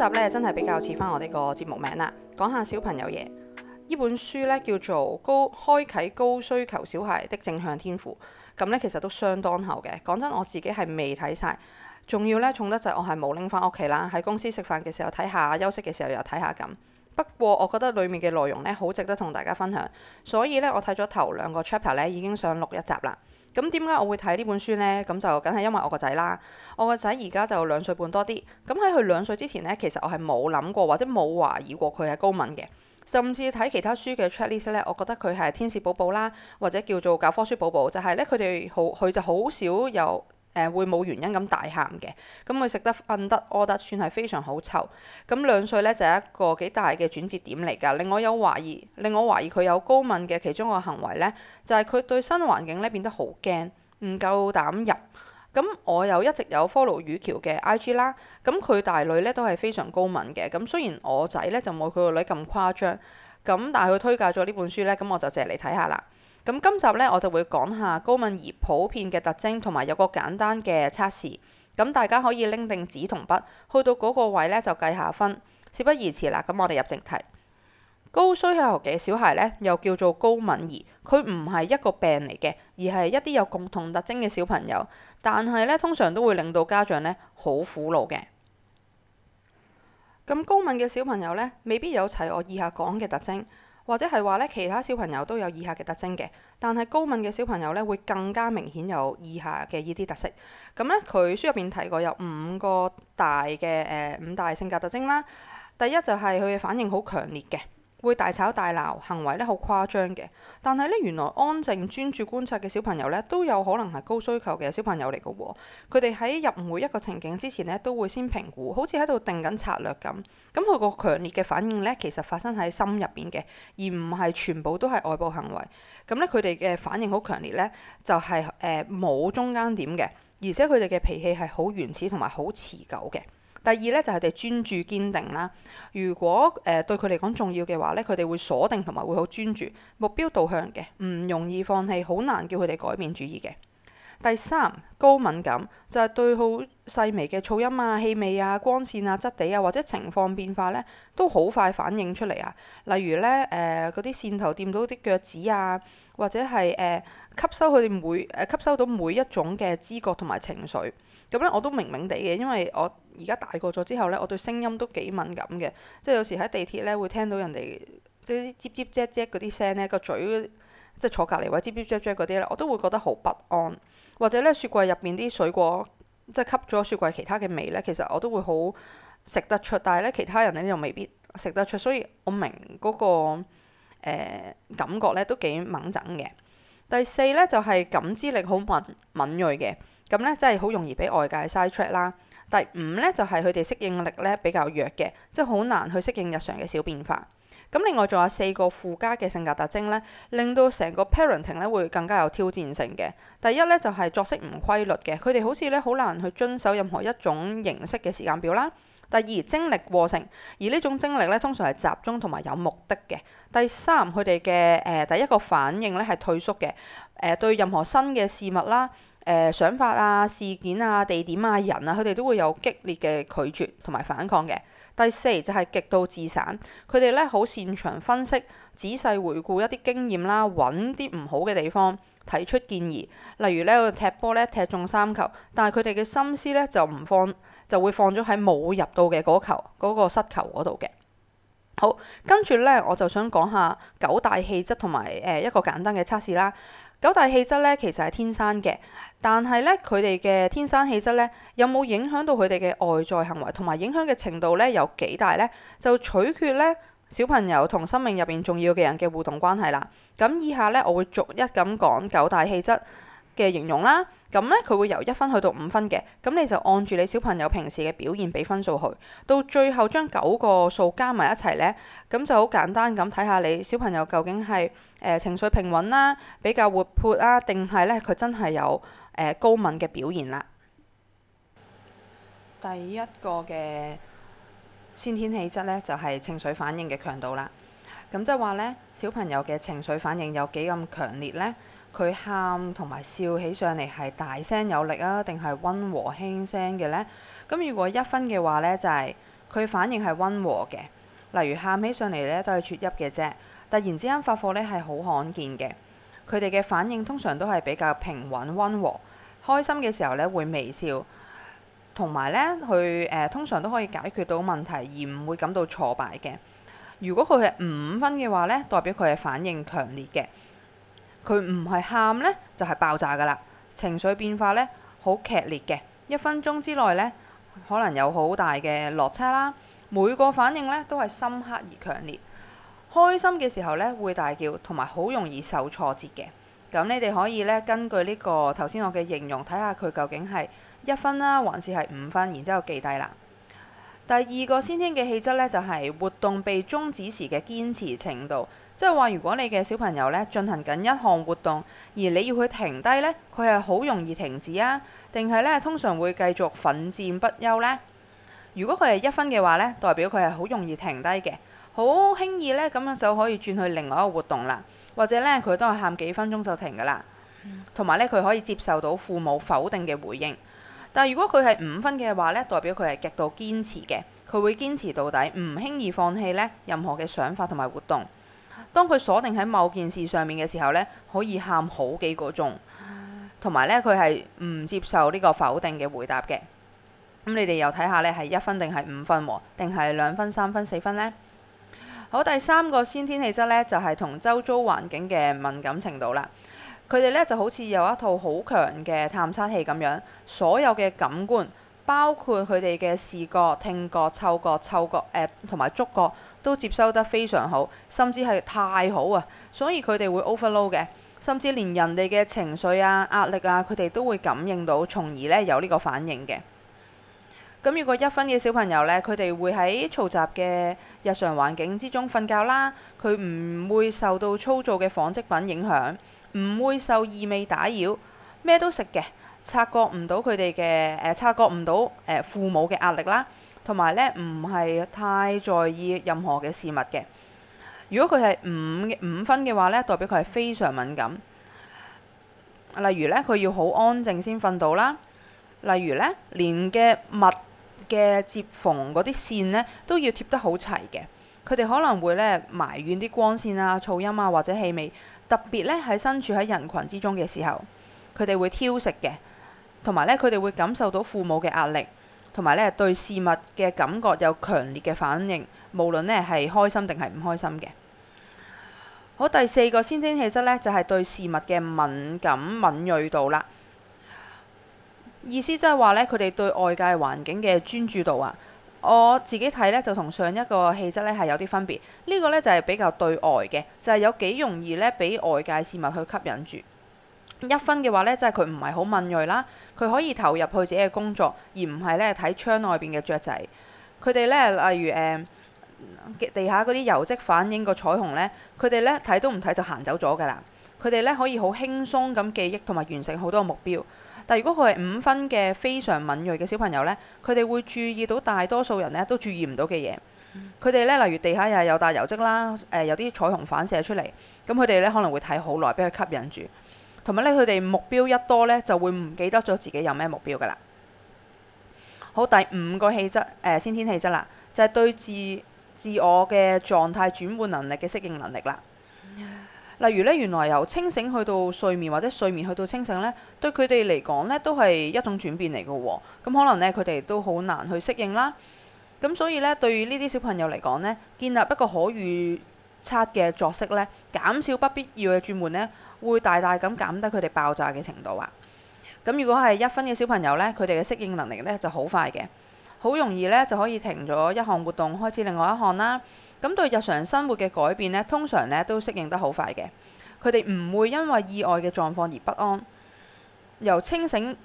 集咧真係比較似翻我哋個節目名啦，講下小朋友嘢。呢本書咧叫做《高開啟高需求小孩的正向天賦》，咁咧其實都相當厚嘅。講真，我自己係未睇晒，仲要咧重得就是我係冇拎翻屋企啦。喺公司食飯嘅時候睇下，休息嘅時候又睇下咁。不過我覺得裏面嘅內容咧好值得同大家分享，所以咧我睇咗頭兩個 chapter 咧已經想錄一集啦。咁點解我會睇呢本書呢？咁就梗係因為我個仔啦。我個仔而家就兩歲半多啲。咁喺佢兩歲之前呢，其實我係冇諗過，或者冇懷疑過佢係高敏嘅。甚至睇其他書嘅 checklist 咧，我覺得佢係天使寶寶啦，或者叫做教科書寶寶，就係咧佢哋好，佢就好少有。誒會冇原因咁大喊嘅，咁佢食得瞓得屙得，得算係非常好臭。咁兩歲咧就係、是、一個幾大嘅轉折點嚟㗎。令我有懷疑，令我懷疑佢有高敏嘅其中一個行為咧，就係、是、佢對新環境咧變得好驚，唔夠膽入。咁、嗯、我又一直有 follow 雨喬嘅 IG 啦、嗯。咁佢大女咧都係非常高敏嘅。咁、嗯、雖然我仔咧就冇佢個女咁誇張，咁、嗯、但係佢推介咗呢本書咧，咁、嗯、我就借嚟睇下啦。咁今集呢，我就會講下高敏兒普遍嘅特徵，同埋有個簡單嘅測試。咁大家可以拎定紙同筆，去到嗰個位呢，就計下分。事不宜遲啦，咁我哋入正題。高需求嘅小孩呢，又叫做高敏兒，佢唔係一個病嚟嘅，而係一啲有共同特徵嘅小朋友。但係呢，通常都會令到家長呢好苦惱嘅。咁高敏嘅小朋友呢，未必有齊我以下講嘅特徵。或者係話咧，其他小朋友都有以下嘅特徵嘅，但係高敏嘅小朋友咧，會更加明顯有以下嘅呢啲特色。咁、嗯、咧，佢書入邊提過有五個大嘅誒、呃、五大性格特徵啦。第一就係佢嘅反應好強烈嘅。會大吵大鬧，行為咧好誇張嘅。但係咧，原來安靜專注觀察嘅小朋友咧，都有可能係高需求嘅小朋友嚟嘅喎。佢哋喺入每一個情景之前咧，都會先評估，好似喺度定緊策略咁。咁佢個強烈嘅反應咧，其實發生喺心入邊嘅，而唔係全部都係外部行為。咁咧，佢哋嘅反應好強烈咧，就係誒冇中間點嘅，而且佢哋嘅脾氣係好原始同埋好持久嘅。第二咧就係佢哋專注堅定啦。如果誒對佢嚟講重要嘅話咧，佢哋會鎖定同埋會好專注，目標導向嘅，唔容易放棄，好難叫佢哋改變主意嘅。第三，高敏感就係、是、對好細微嘅噪音啊、氣味啊、光線啊、質地啊或者情況變化咧，都好快反映出嚟啊。例如咧誒嗰啲線頭掂到啲腳趾啊，或者係誒、呃、吸收佢哋每誒吸收到每一種嘅知覺同埋情緒。咁咧我都明明哋嘅，因為我而家大個咗之後咧，我對聲音都幾敏感嘅。即係有時喺地鐵咧會聽到人哋即係啲吱吱唧唧嗰啲聲咧，個嘴即係坐隔離位吱吱唧唧嗰啲咧，我都會覺得好不安。或者咧，雪櫃入邊啲水果即係吸咗雪櫃其他嘅味咧，其實我都會好食得出，但係咧其他人咧又未必食得出，所以我明嗰、嗰個、呃、感覺咧都幾掹整嘅。第四咧就係、係、感知力好敏敏鋭嘅。咁咧，真係好容易俾外界 side track 啦。第五咧，就係佢哋適應力咧比較弱嘅，即係好難去適應日常嘅小變化。咁另外仲有四個附加嘅性格特徵咧，令到成個 parenting 咧會更加有挑戰性嘅。第一咧就係、是、作息唔規律嘅，佢哋好似咧好難去遵守任何一種形式嘅時間表啦。第二，精力過剩，而呢種精力咧通常係集中同埋有目的嘅。第三，佢哋嘅誒第一個反應咧係退縮嘅，誒、呃、對任何新嘅事物啦。誒、呃、想法啊、事件啊、地點啊、人啊，佢哋都會有激烈嘅拒絕同埋反抗嘅。第四就係、是、極度自省，佢哋咧好擅長分析、仔細回顧一啲經驗啦，揾啲唔好嘅地方提出建議。例如咧，踢波咧踢中三球，但係佢哋嘅心思咧就唔放，就會放咗喺冇入到嘅嗰球嗰、嗰個失球嗰度嘅。好，跟住咧我就想講下九大氣質同埋誒一個簡單嘅測試啦。九大氣質咧，其實係天生嘅，但係咧佢哋嘅天生氣質咧，有冇影響到佢哋嘅外在行為，同埋影響嘅程度咧，有幾大咧，就取決咧小朋友同生命入面重要嘅人嘅互動關係啦。咁以下咧，我會逐一咁講九大氣質。嘅形容啦，咁咧佢會由一分去到五分嘅，咁你就按住你小朋友平時嘅表現俾分數去，到最後將九個數加埋一齊咧，咁就好簡單咁睇下你小朋友究竟係誒、呃、情緒平穩啦，比較活潑啊，定係咧佢真係有誒、呃、高敏嘅表現啦。第一個嘅先天氣質咧，就係、是、情緒反應嘅強度啦。咁即係話咧，小朋友嘅情緒反應有幾咁強烈咧？佢喊同埋笑起上嚟係大聲有力啊，定係温和輕聲嘅呢？咁如果一分嘅話呢，就係、是、佢反應係温和嘅。例如喊起上嚟呢，都係啜泣嘅啫，突然之間發火呢，係好罕見嘅。佢哋嘅反應通常都係比較平穩温和，開心嘅時候呢，會微笑，同埋呢，佢誒、呃、通常都可以解決到問題而唔會感到挫敗嘅。如果佢係五分嘅話呢，代表佢係反應強烈嘅。佢唔係喊呢，就係爆炸噶啦。情緒變化呢，好劇烈嘅，一分鐘之內呢，可能有好大嘅落差啦。每個反應呢，都係深刻而強烈。開心嘅時候呢，會大叫，同埋好容易受挫折嘅。咁你哋可以呢，根據呢個頭先我嘅形容，睇下佢究竟係一分啦，還是係五分，然之後記低啦。第二個先天嘅氣質呢，就係活動被中止時嘅堅持程度。即係話，如果你嘅小朋友呢，進行緊一項活動，而你要佢停低呢，佢係好容易停止啊？定係呢，通常會繼續奮戰不休呢？如果佢係一分嘅話呢，代表佢係好容易停低嘅，好輕易呢咁樣就可以轉去另外一個活動啦。或者呢，佢都係喊幾分鐘就停㗎啦。同埋呢，佢可以接受到父母否定嘅回應，但如果佢係五分嘅話呢，代表佢係極度堅持嘅，佢會堅持到底，唔輕易放棄呢任何嘅想法同埋活動。當佢鎖定喺某件事上面嘅時候呢，可以喊好幾個鐘，同埋呢，佢係唔接受呢個否定嘅回答嘅。咁、嗯、你哋又睇下，呢係一分定係五分喎，定係兩分、三分、四分呢？好，第三個先天氣質呢，就係同周遭環境嘅敏感程度啦。佢哋呢就好似有一套好強嘅探測器咁樣，所有嘅感官，包括佢哋嘅視覺、聽覺、嗅覺、嗅覺，呃、同埋觸覺，都接收得非常好，甚至係太好啊！所以佢哋會 overload 嘅，甚至連人哋嘅情緒啊、壓力啊，佢哋都會感應到，從而呢有呢個反應嘅。咁如果一分嘅小朋友呢，佢哋會喺嘈雜嘅日常環境之中瞓覺啦，佢唔會受到粗糙嘅紡織品影響，唔會受異味打擾，咩都食嘅，察覺唔到佢哋嘅誒，察覺唔到誒、呃、父母嘅壓力啦。同埋呢，唔係太在意任何嘅事物嘅。如果佢係五五分嘅話呢，代表佢係非常敏感。例如呢，佢要好安靜先瞓到啦。例如呢，連嘅物嘅接縫嗰啲線呢，都要貼得好齊嘅。佢哋可能會呢埋怨啲光線啊、噪音啊或者氣味。特別呢，喺身處喺人群之中嘅時候，佢哋會挑食嘅。同埋呢，佢哋會感受到父母嘅壓力。同埋呢，對事物嘅感覺有強烈嘅反應，無論呢係開心定係唔開心嘅。好，第四個先天氣質呢，就係、是、對事物嘅敏感敏鋭度啦。意思即係話呢，佢哋對外界環境嘅專注度啊，我自己睇呢，就同上一個氣質呢係有啲分別。呢、這個呢，就係、是、比較對外嘅，就係、是、有幾容易呢，俾外界事物去吸引住。一分嘅話呢，即係佢唔係好敏鋭啦。佢可以投入去自己嘅工作，而唔係呢睇窗外邊嘅雀仔。佢哋呢，例如誒、呃、地下嗰啲油漬反映個彩虹呢，佢哋呢睇都唔睇就行走咗㗎啦。佢哋呢可以好輕鬆咁記憶同埋完成好多目標。但如果佢係五分嘅非常敏鋭嘅小朋友呢，佢哋會注意到大多數人呢都注意唔到嘅嘢。佢哋、嗯、呢，例如地下又係有笪油漬啦，誒、呃、有啲彩虹反射出嚟，咁佢哋呢可能會睇好耐，俾佢吸引住。同埋咧，佢哋目標一多咧，就會唔記得咗自己有咩目標噶啦。好，第五個氣質，誒、呃、先天氣質啦，就係、是、對自自我嘅狀態轉換能力嘅適應能力啦。例如咧，原來由清醒去到睡眠，或者睡眠去到清醒咧，對佢哋嚟講咧，都係一種轉變嚟嘅喎。咁可能咧，佢哋都好難去適應啦。咁所以咧，對呢啲小朋友嚟講咧，建立一個可預測嘅作息呢，減少不必要嘅轉換呢，會大大咁減低佢哋爆炸嘅程度啊。咁如果係一分嘅小朋友呢，佢哋嘅適應能力呢就好快嘅，好容易呢就可以停咗一項活動，開始另外一項啦。咁對日常生活嘅改變呢，通常呢都適應得好快嘅。佢哋唔會因為意外嘅狀況而不安，由清醒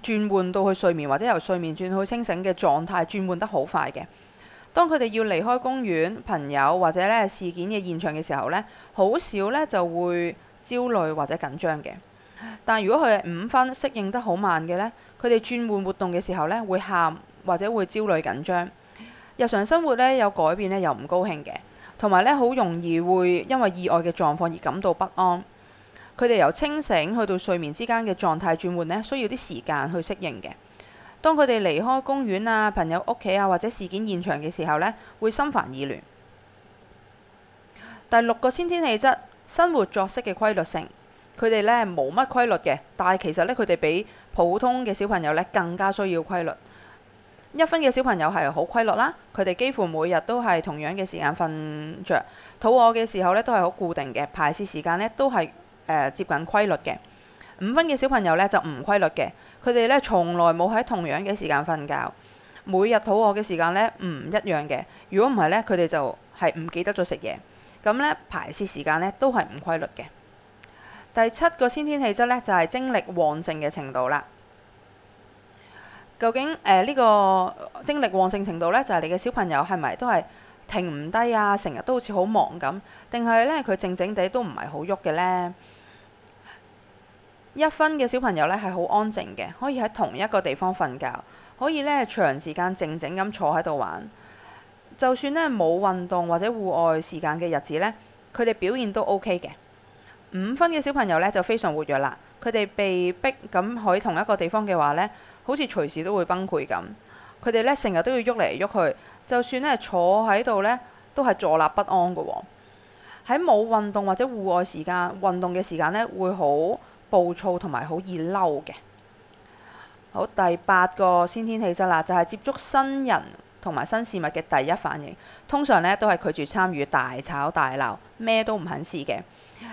轉換、哦、到去睡眠，或者由睡眠轉去清醒嘅狀態轉換得好快嘅。當佢哋要離開公園、朋友或者咧事件嘅現場嘅時候咧，好少咧就會焦慮或者緊張嘅。但如果佢係五分適應得好慢嘅咧，佢哋轉換活動嘅時候咧，會喊或者會焦慮緊張。日常生活咧有改變咧又唔高興嘅，同埋咧好容易會因為意外嘅狀況而感到不安。佢哋由清醒去到睡眠之間嘅狀態轉換咧，需要啲時間去適應嘅。當佢哋離開公園啊、朋友屋企啊或者事件現場嘅時候呢，會心煩意亂。第六個先天氣質，生活作息嘅規律性，佢哋呢冇乜規律嘅，但係其實呢，佢哋比普通嘅小朋友呢更加需要規律。一分嘅小朋友係好規律啦，佢哋幾乎每日都係同樣嘅時間瞓着，肚餓嘅時候呢都係好固定嘅，排泄時間呢都係、呃、接近規律嘅。五分嘅小朋友呢就唔規律嘅。佢哋呢從來冇喺同樣嘅時間瞓覺，每日肚餓嘅時間呢唔一樣嘅。如果唔係呢，佢哋就係唔記得咗食嘢。咁呢排泄時間呢都係唔規律嘅。第七個先天氣質呢，就係精力旺盛嘅程度啦。究竟誒呢個精力旺盛程度呢，就係你嘅小朋友係咪都係停唔低啊？成日都好似好忙咁，定係呢，佢靜靜地都唔係好喐嘅呢？一分嘅小朋友呢係好安靜嘅，可以喺同一個地方瞓覺，可以呢長時間靜靜咁坐喺度玩。就算呢冇運動或者戶外時間嘅日子呢，佢哋表現都 OK 嘅。五分嘅小朋友呢就非常活躍啦。佢哋被逼咁，喺同一個地方嘅話呢，好似隨時都會崩潰咁。佢哋呢成日都要喐嚟喐去，就算呢坐喺度呢，都係坐立不安㗎喎、哦。喺冇運動或者戶外時間，運動嘅時間呢會好。暴躁同埋好易嬲嘅，好，第八個先天氣質啦，就係接觸新人同埋新事物嘅第一反應，通常呢都係拒絕參與、大吵大鬧，咩都唔肯試嘅。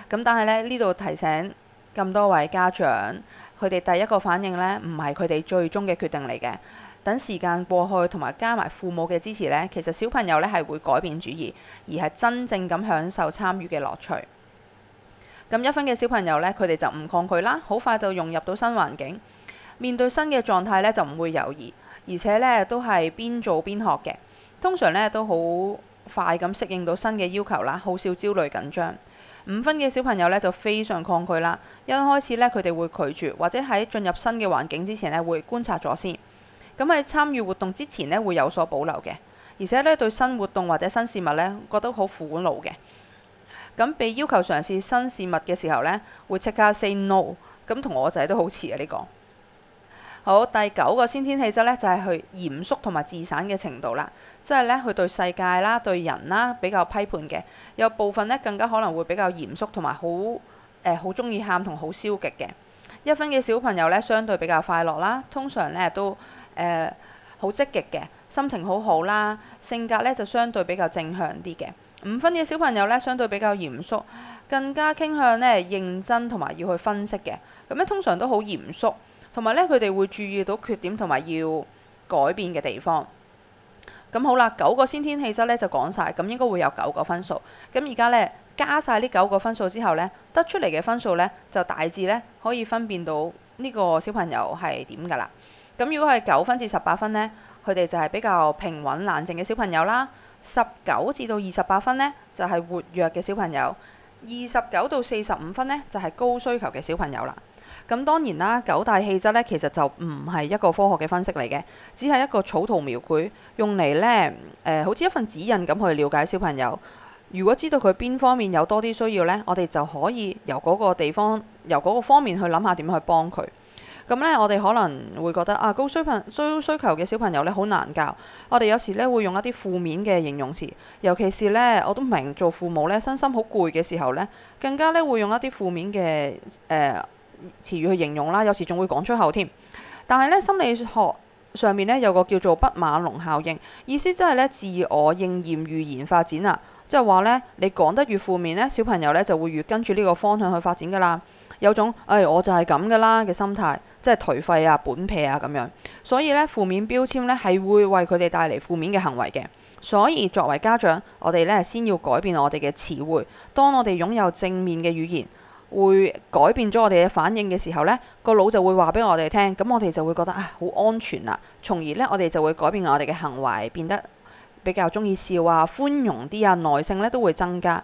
咁但係呢呢度提醒咁多位家長，佢哋第一個反應呢唔係佢哋最終嘅決定嚟嘅。等時間過去同埋加埋父母嘅支持呢，其實小朋友呢係會改變主意，而係真正咁享受參與嘅樂趣。咁一分嘅小朋友呢，佢哋就唔抗拒啦，好快就融入到新環境。面對新嘅狀態呢，就唔會猶豫，而且呢都係邊做邊學嘅。通常呢都好快咁適應到新嘅要求啦，好少焦慮緊張。五分嘅小朋友呢，就非常抗拒啦，一開始呢，佢哋會拒絕，或者喺進入新嘅環境之前呢會觀察咗先。咁喺參與活動之前呢，會有所保留嘅，而且呢，對新活動或者新事物呢，覺得好苦惱嘅。咁、嗯、被要求嘗試新事物嘅時候呢，會即刻 say no，啊。咁同我仔都好似啊呢個。好，第九個先天氣質呢，就係佢嚴肅同埋自省嘅程度啦。即係呢，佢對世界啦、對人啦比較批判嘅。有部分呢更加可能會比較嚴肅同埋好誒好中意喊同好消極嘅。一分嘅小朋友呢，相對比較快樂啦，通常呢都誒好、呃、積極嘅，心情好好啦，性格呢就相對比較正向啲嘅。五分嘅小朋友咧，相對比較嚴肅，更加傾向咧認真同埋要去分析嘅。咁咧通常都好嚴肅，同埋咧佢哋會注意到缺點同埋要改變嘅地方。咁好啦，九個先天氣質咧就講晒，咁應該會有九個分數。咁而家咧加晒呢九個分數之後咧，得出嚟嘅分數咧就大致咧可以分辨到呢個小朋友係點㗎啦。咁如果係九分至十八分咧，佢哋就係比較平穩冷靜嘅小朋友啦。十九至到二十八分呢，就係活躍嘅小朋友；二十九到四十五分呢，就係高需求嘅小朋友啦。咁當然啦，九大氣質呢，其實就唔係一個科學嘅分析嚟嘅，只係一個草圖描繪，用嚟呢，誒、呃，好似一份指引咁去了解小朋友。如果知道佢邊方面有多啲需要呢，我哋就可以由嗰個地方，由嗰個方面去諗下點去幫佢。咁咧、嗯，我哋可能會覺得啊，高需朋需需求嘅小朋友咧，好難教。我哋有時咧會用一啲負面嘅形容詞，尤其是咧我都明做父母咧，身心好攰嘅時候咧，更加咧會用一啲負面嘅誒、呃、詞語去形容啦。有時仲會講出口添。但係咧，心理學上面咧有個叫做畢馬龍效應，意思即係咧自我應驗預言發展啊，即係話咧你講得越負面咧，小朋友咧就會越跟住呢個方向去發展㗎啦。有種誒、哎、我就係咁嘅啦嘅心態，即係頹廢啊、本撇啊咁樣。所以呢，負面標籤呢係會為佢哋帶嚟負面嘅行為嘅。所以作為家長，我哋呢先要改變我哋嘅詞彙。當我哋擁有正面嘅語言，會改變咗我哋嘅反應嘅時候呢，個腦就會話俾我哋聽，咁我哋就會覺得啊好安全啦。從而呢，我哋就會改變我哋嘅行為，變得比較中意笑啊、寬容啲啊、耐性呢都會增加。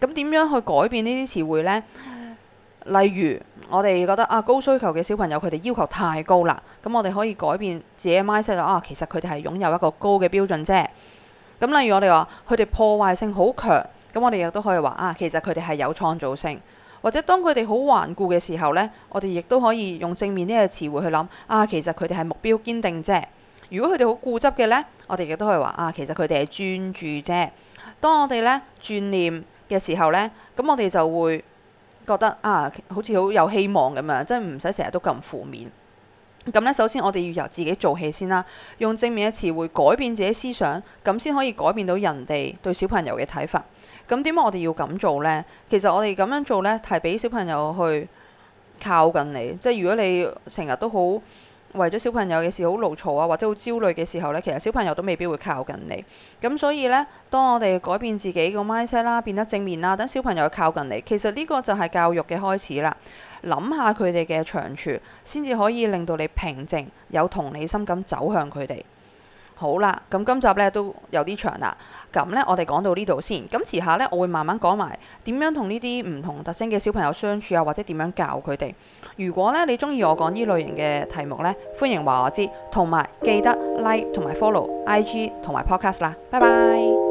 咁點樣去改變呢啲詞彙呢？例如，我哋覺得啊，高需求嘅小朋友佢哋要求太高啦，咁我哋可以改變自己嘅 mindset 啦。啊，其實佢哋係擁有一個高嘅標準啫。咁、嗯、例如我哋話佢哋破壞性好強，咁我哋亦都可以話啊，其實佢哋係有創造性。或者當佢哋好頑固嘅時候呢，我哋亦都可以用正面呢個詞彙去諗啊，其實佢哋係目標堅定啫。如果佢哋好固執嘅呢，我哋亦都可以話啊，其實佢哋係專注啫。當我哋呢轉念嘅時候呢，咁我哋就會。覺得啊，好似好有希望咁樣，即係唔使成日都咁負面。咁呢，首先我哋要由自己做起先啦，用正面嘅詞彙改變自己思想，咁先可以改變到人哋對小朋友嘅睇法。咁點解我哋要咁做呢？其實我哋咁樣做呢，係俾小朋友去靠近你。即係如果你成日都好。為咗小朋友嘅事好勞嘈啊，或者好焦慮嘅時候呢，其實小朋友都未必會靠近你。咁所以呢，當我哋改變自己個 mindset 啦，變得正面啦，等小朋友靠近你，其實呢個就係教育嘅開始啦。諗下佢哋嘅長處，先至可以令到你平靜，有同理心咁走向佢哋。好啦，咁今集咧都有啲長啦，咁咧我哋講到呢度先，咁遲下咧我會慢慢講埋點樣同呢啲唔同特徵嘅小朋友相處，又或者點樣教佢哋。如果咧你中意我講呢類型嘅題目咧，歡迎話我知，同埋記得 like 同埋 follow IG 同埋 podcast 啦，拜拜。